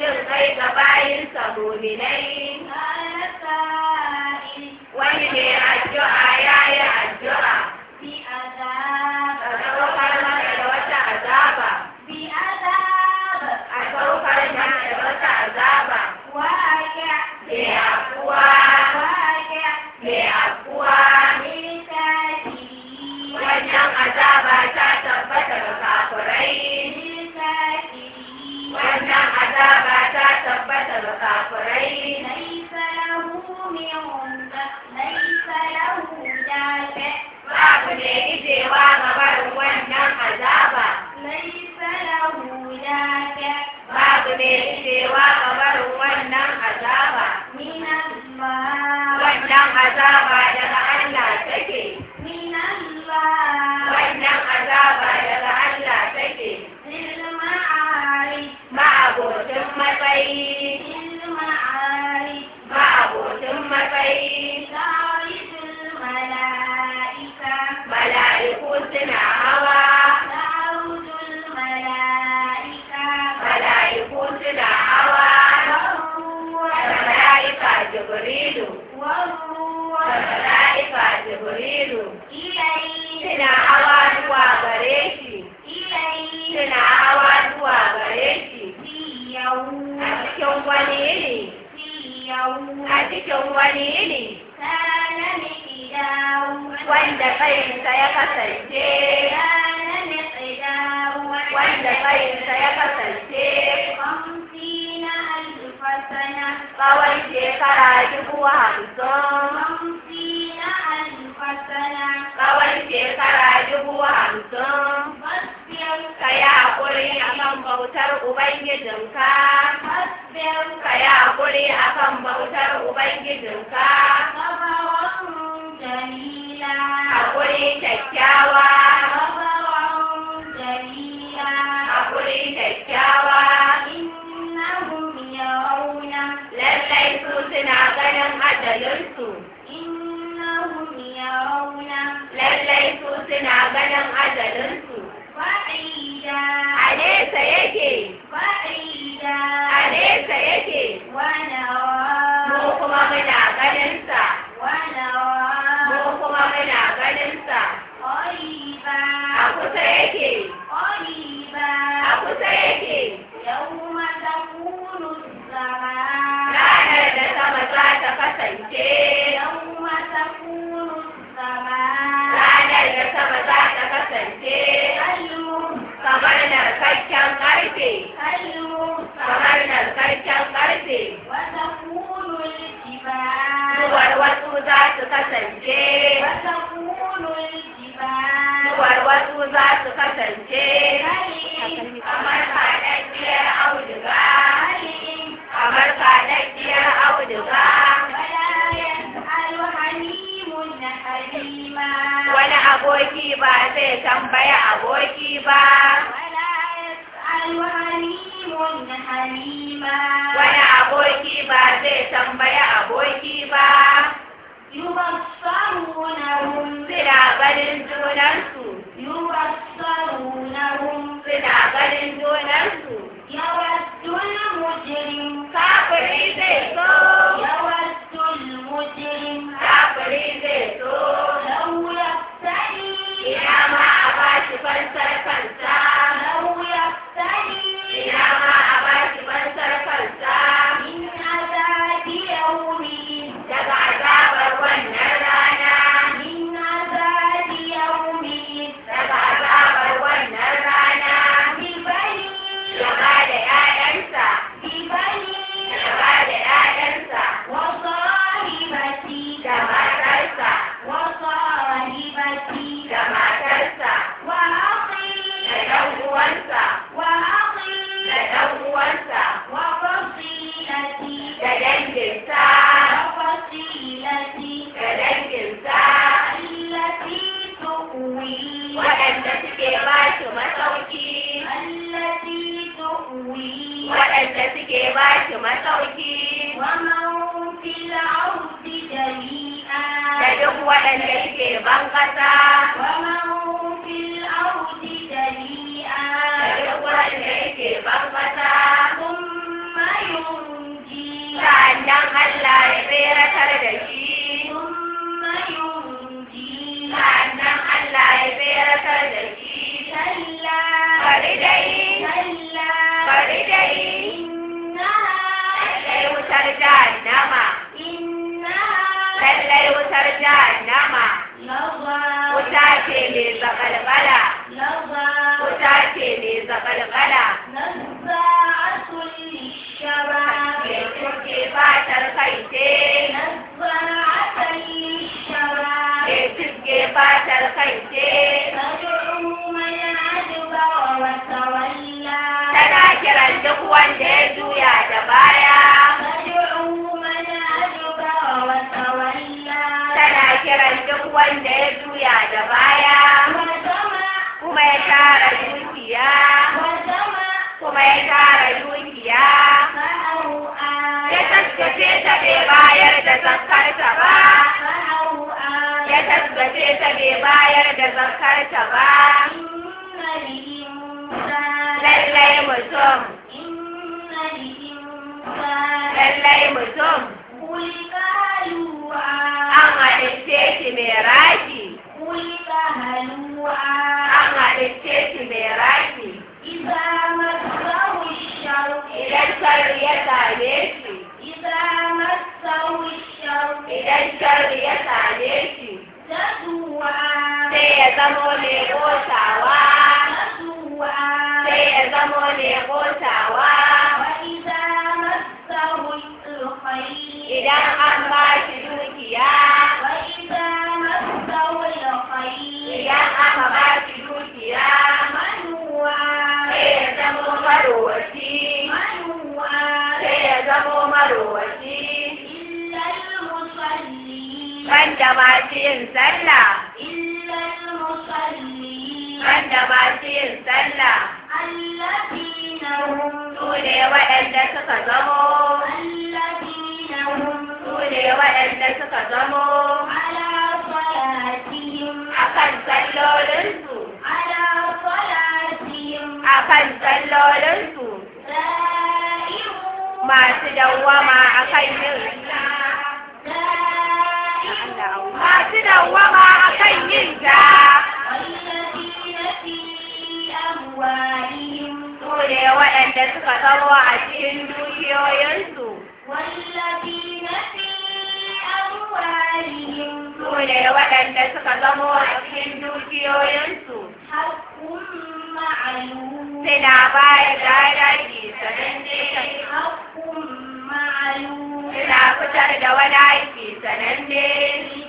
jin kai ga bayinsa muminai kasance ranar tsida wanda bayansa ya kasance kwamfi na alifasana tsawon shekara dubu hamsin kwamfi na alifasana tsawon shekara dubu hamsin ka yi haƙuri a kan bautar ubangijinka ka yi haƙuri a kan bautar ubangijinka kyakkyawa akwai kyakkyawa innahum yarawna lallai su suna ganin lallai su suna ganin ajalinsu ne zakalkala wuta ce ne zakalkala ke kuke fatar kai ce ke kuke fatar kai ce tana kiran duk wanda ya juya da baya kiran duk wanda dukiyarsa bai bayar da zakarta ba lallai mutum lallai mutum an halitta shi mai raki an halitta shi mai raki idan sarri ya same shi idan sarri ya same shi zamo ne kotawa sai ya zamo ne kotawa idan an ba shi dukiya idan ba shi dukiya sai ya zamo marowaci sai ya zamo yin sallah wanda masu yin sallah allazina hum su ne waɗanda suka zamo allazina hum su ne waɗanda suka zamo ala salatihim akan sallolinsu ala salatihim akan sallolinsu masu dawwama akan yin masu dawwama akan yin ta waɗanda suka kawo a cikin dukiyoyinsu wallazina fi amwalihim su ne waɗanda suka zamo a cikin dukiyoyinsu haqqun ma'lum suna bayar da haƙƙi sananne haqqun ma'lum suna fitar da wani haƙƙi sananne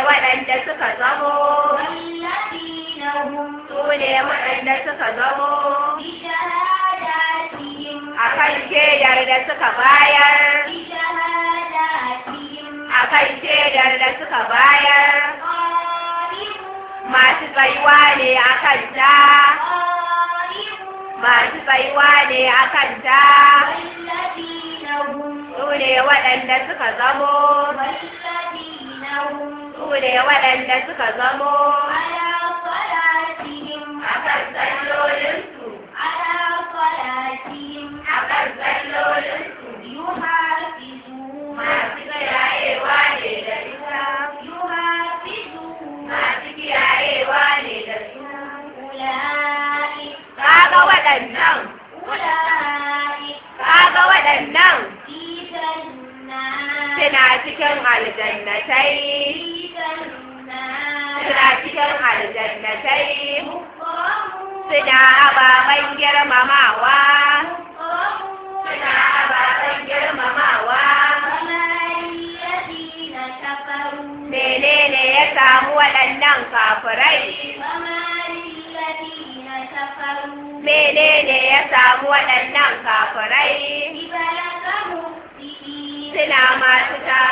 waɗanda suka zamo su ne waɗanda suka zamo a kan shaidar da suka bayar a kan shaidar da suka bayar masu tsayuwa ne a kanta masu tsayuwa ne a kanta su ne waɗanda suka zamo saboda ya waɗanda suka zamo ala salatihim akan sallolin suna ababen girmamawa suna ababen girmamawa menene ya samu waɗannan kafirai menene ya samu waɗannan kafirai suna masu tara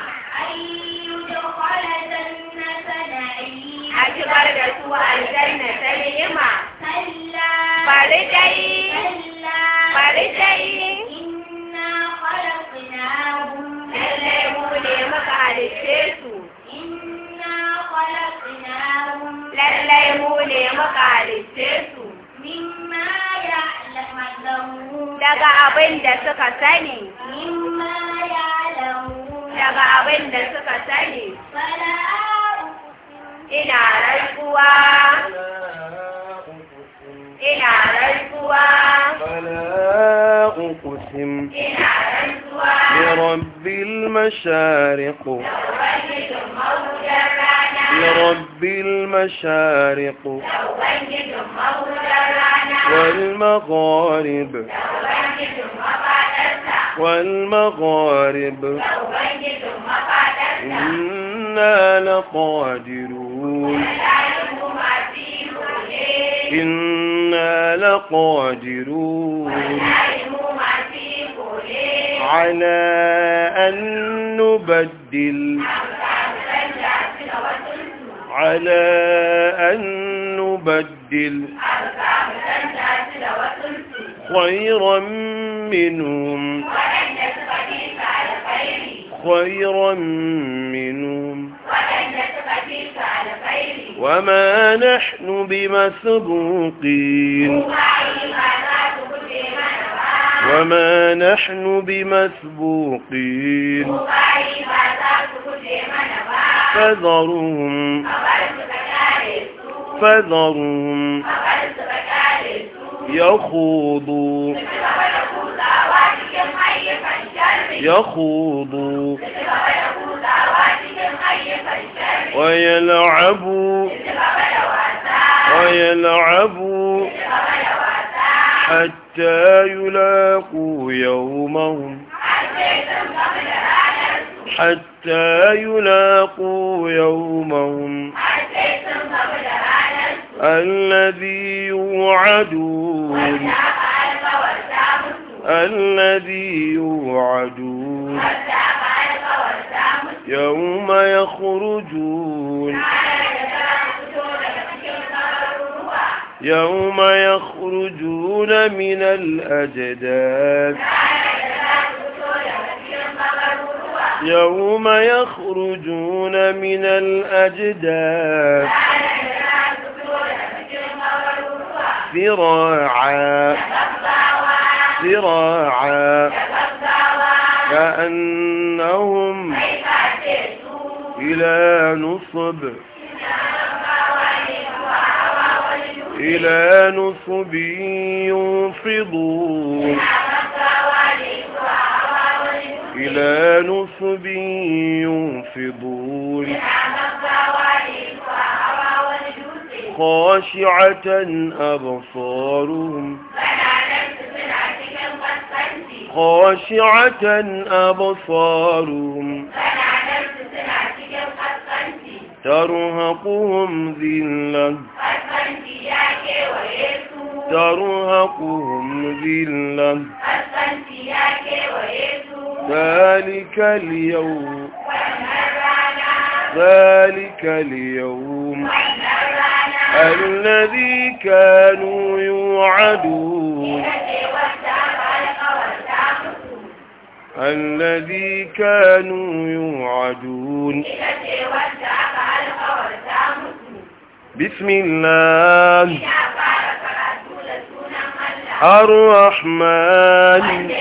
akibar da su a aljanna ta ni'ima. Bari dai, bari Lallai mu ne maka halitte Lallai mu ne maka halitte su. Mimma ya lamallahu. Daga abin da suka sani. Mimma ya lamu. Daga abin da suka sani. إن عليكوا إن عليكوا فلا أقسم إن عليكوا برب المشارق لرب المشارق والمغارب والمغارب إنا لقادرون يعلمون إنا لقادرون على أن نبدل على أن نبدل خيرا منهم خيرا منهم وما نحن بمسبوقين وما نحن بمسبوقين فذرهم فذرهم يخوضوا يخوضوا ويلعبوا ذهبوا حتى يلاقوا يومهم حتى يلاقوا يومهم الذي يوعدون الذي يوعدون يوم يخرجون يوم يخرجون من الأجداث يوم يخرجون من الأجداث ذراعا ذراعا كأنهم إلى نصب إلى نصب ينفضون إلى نصب ينفضون خاشعة أبصارهم خاشعة أبصارهم ترهقهم ذلة ترهقهم ذلة ذلك اليوم ذلك اليوم الذي كانوا يوعدون الذي كانوا يوعدون بسم الله الرحمن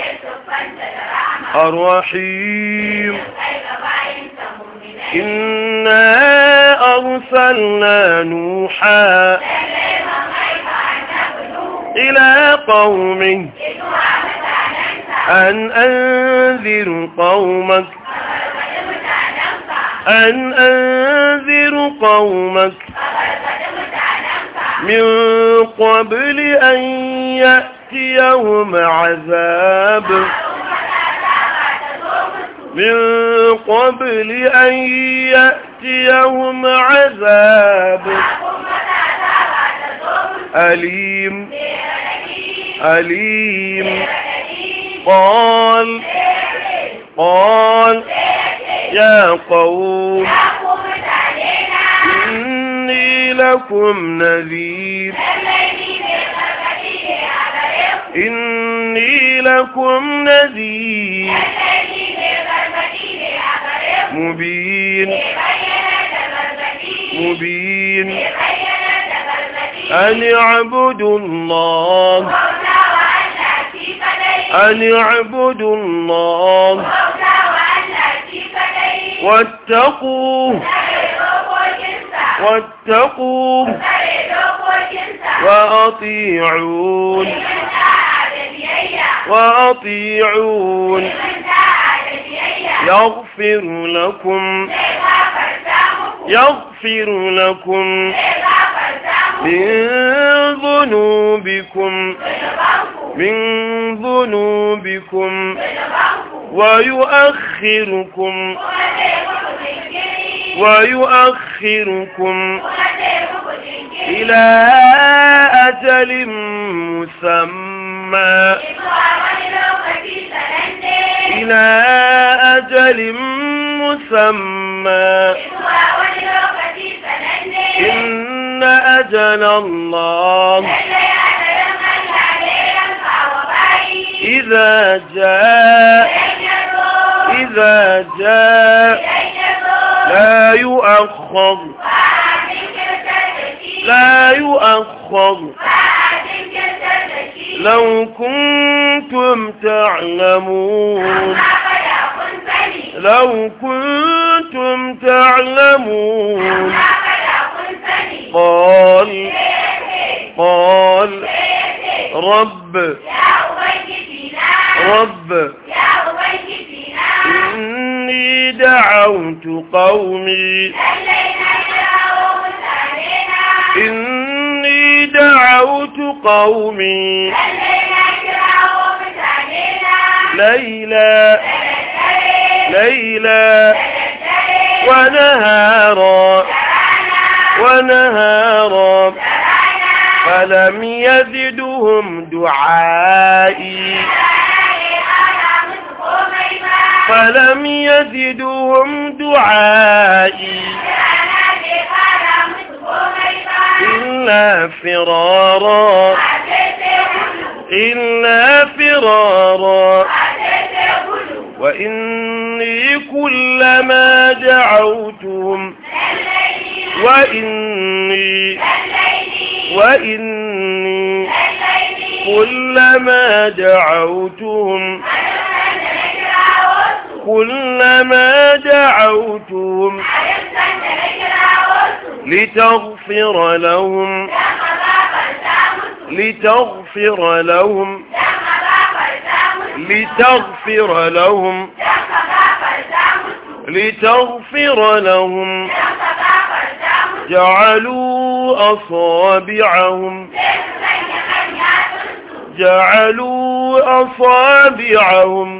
الرحيم إنا أرسلنا نوحا إلى قومه أن أنذر قومك أن أنذر قومك من قبل أن يأتيهم عذاب من قبل أن يأتيهم عذاب أليم أليم قال قال يا قوم لكم نذير إني لكم نذير مبين مبين أن اعبدوا الله أن اعبدوا الله واتقوه واتقوه فاتقوا وأطيعون وأطيعون يغفر لكم يغفر لكم من ذنوبكم من ذنوبكم ويؤخركم ويؤخركم إلى أجل مسمى إلى أجل مسمى إن أجل الله إذا جاء إذا جاء لا يؤخر لا يؤخر لو كنتم تعلمون لو كنتم تعلمون قال قال رب رب دعوت قومي إني دعوت قومي ليلا ليلا ونهارا ونهارا فلم يزدهم دعائي فلم يزدهم دعائي إلا فرارا إلا فرارا وإني كلما دعوتهم وإني وإني كلما دعوتهم كلما دعوتهم لتغفر لهم لتغفر لهم لتغفر لهم لتغفر لهم جعلوا أصابعهم جعلوا أصابعهم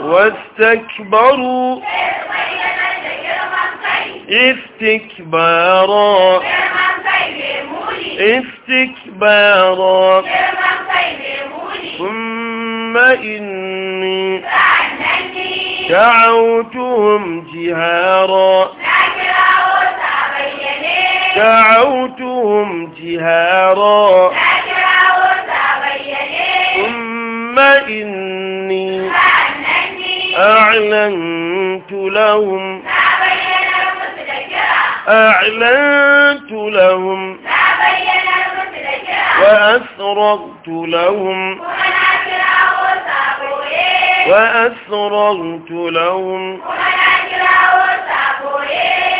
واستكبروا استكبارا استكبارا ثم إني دعوتهم جهارا دعوتهم جهارا ثم إني أعلنت لهم أعلنت لهم وأسررت لهم وأسررت لهم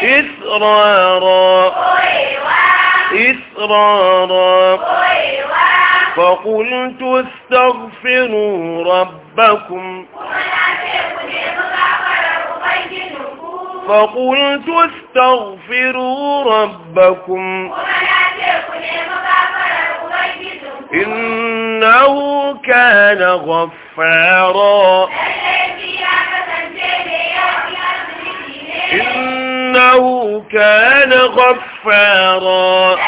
إسرارا إسرارا فقلت استغفروا ربكم فقلت استغفروا ربكم إنه كان غفارا إنه كان غفارا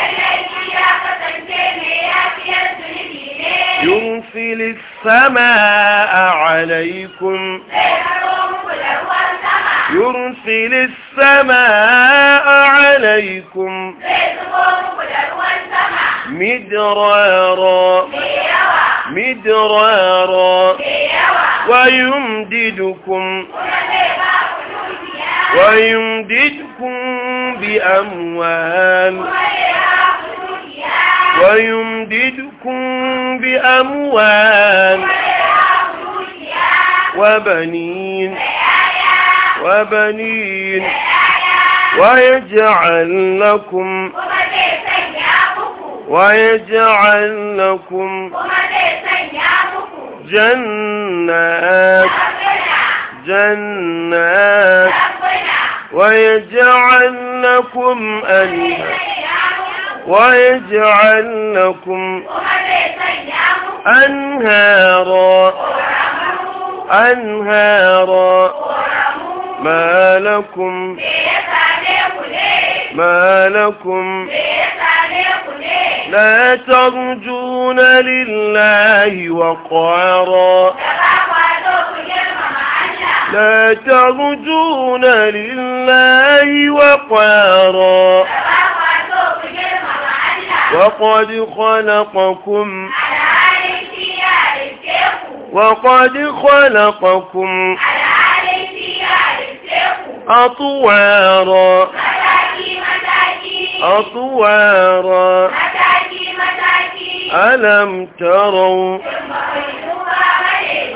يرسل السماء عليكم يرسل السماء عليكم مدرارا مدرارا ويمددكم ويمددكم بأموال ويمددكم بأموال وبنين وبنين ويجعل لكم ويجعل لكم جنات جنات ويجعل لكم أنهار ويجعل لكم أنهارا أنهارا ما لكم ما لكم لا ترجون لله وقارا لا ترجون لله وقارا وقد خلقكم وقد خلقكم أطوارا أطوارا ألم تروا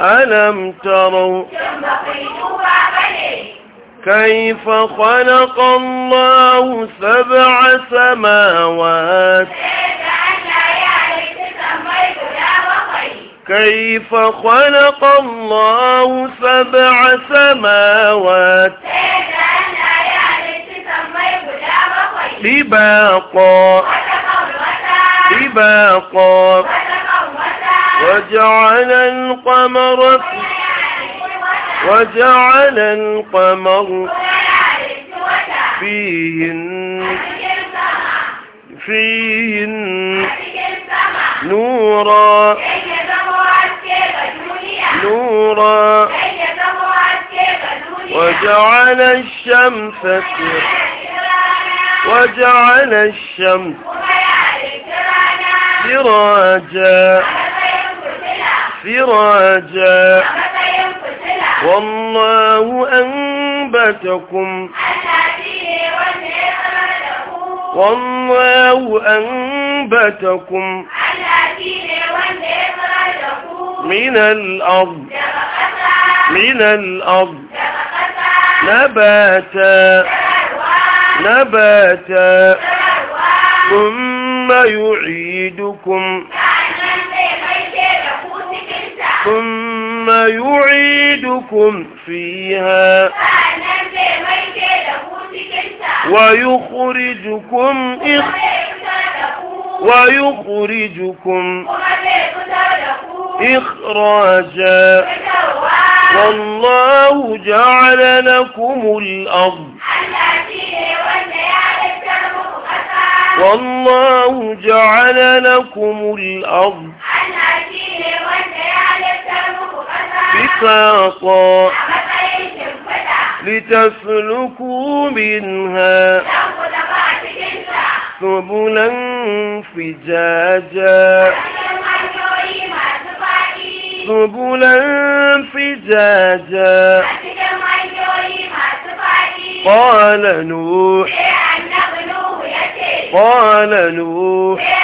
ألم تروا كيف خلق الله سبع سماوات كيف خلق الله سبع سماوات سباقا سباقا وجعل القمر وجعل القمر فيهن فيهن نورا نورا وجعل الشمس سراجا وجعل الشمس سراجا سراجا والله أنبتكم والله أنبتكم من الأرض من الأرض نباتا نباتا ثم يعيدكم ثم يعيدكم فيها ويخرجكم ويخرجكم إخراجا والله جعل لكم الأرض والله جعل لكم الأرض بساطا لتسلكوا منها سبلا فجاجا سبلا فجاجا قال نوح قال نوح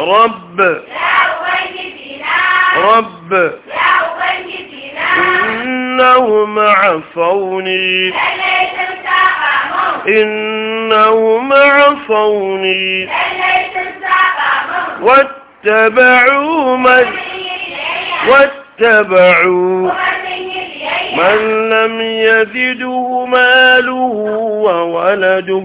رب رب إنهم عفوني إنهم عفوني واتبعوا من واتبعوا من لم يزده ماله وولده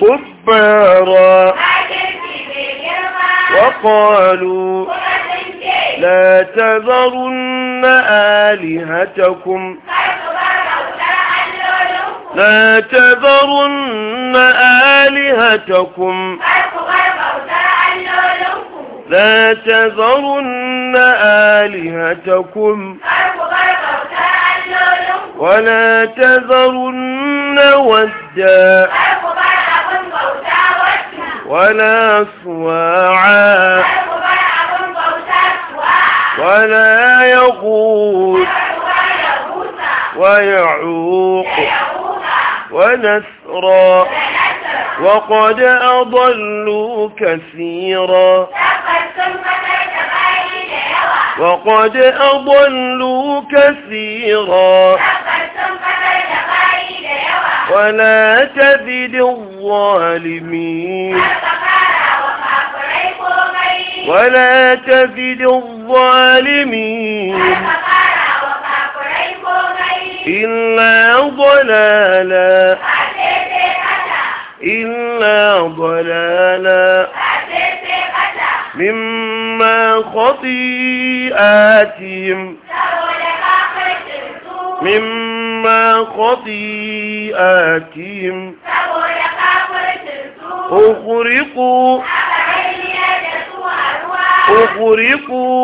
كبارا وقالوا لا تذرن آلهتكم لا تذرن آلهتكم لا تذرن آلهتكم ولا تذرن ودا ولا سواعا ولا يغوث ويعوق ونسرا وقد أضلوا كثيرا وقد أضلوا كثيرا ولا تزد الظالمين ولا تزد الظالمين إلا ضلالا إلا ضلالا مما خطيئاتهم مما خطيئاتهم سيئاتهم أغرقوا أغرقوا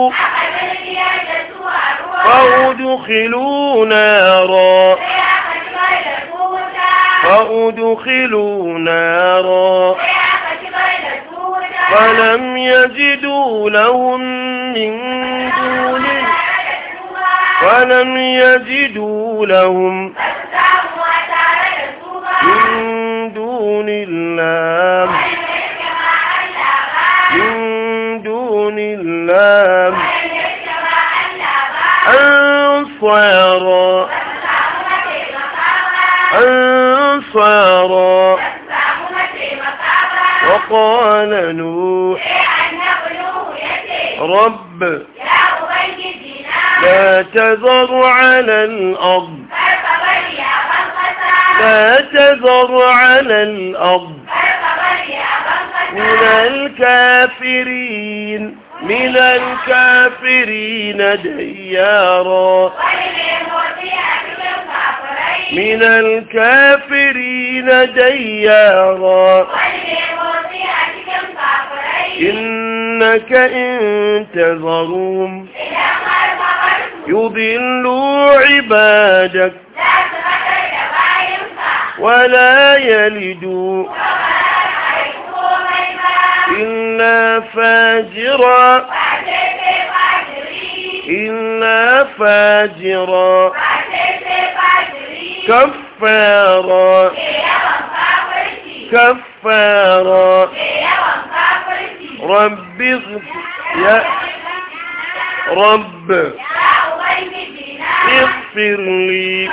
الأرض لا تذر على الأرض من الكافرين من الكافرين ديارا من الكافرين ديارا إنك إن تذرهم يضلوا عبادك ولا يلدوا إلا فاجرا إلا فاجرا كفارا كفارا رب يا رب اغفر لي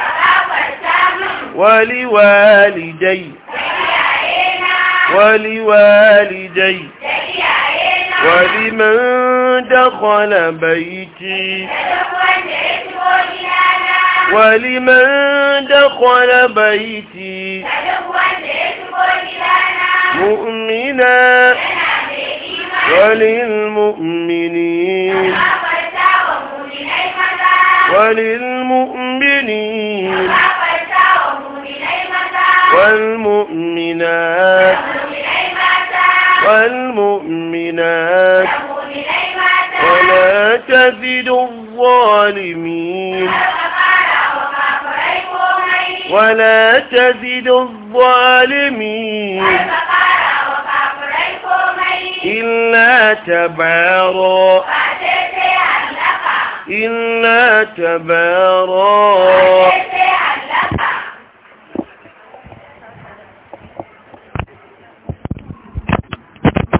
ولوالدي ولوالدي ولمن دخل بيتي ولمن دخل بيتي مؤمنا وللمؤمنين وللمؤمنين والمؤمنات والمؤمنات ولا تزد الظالمين ولا تزد الظالمين إلا تبعرا إلا تبارا